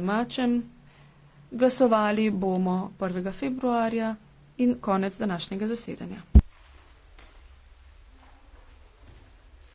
Mačem. Glasovali bomo 1. februarja in konec današnjega zasedanja.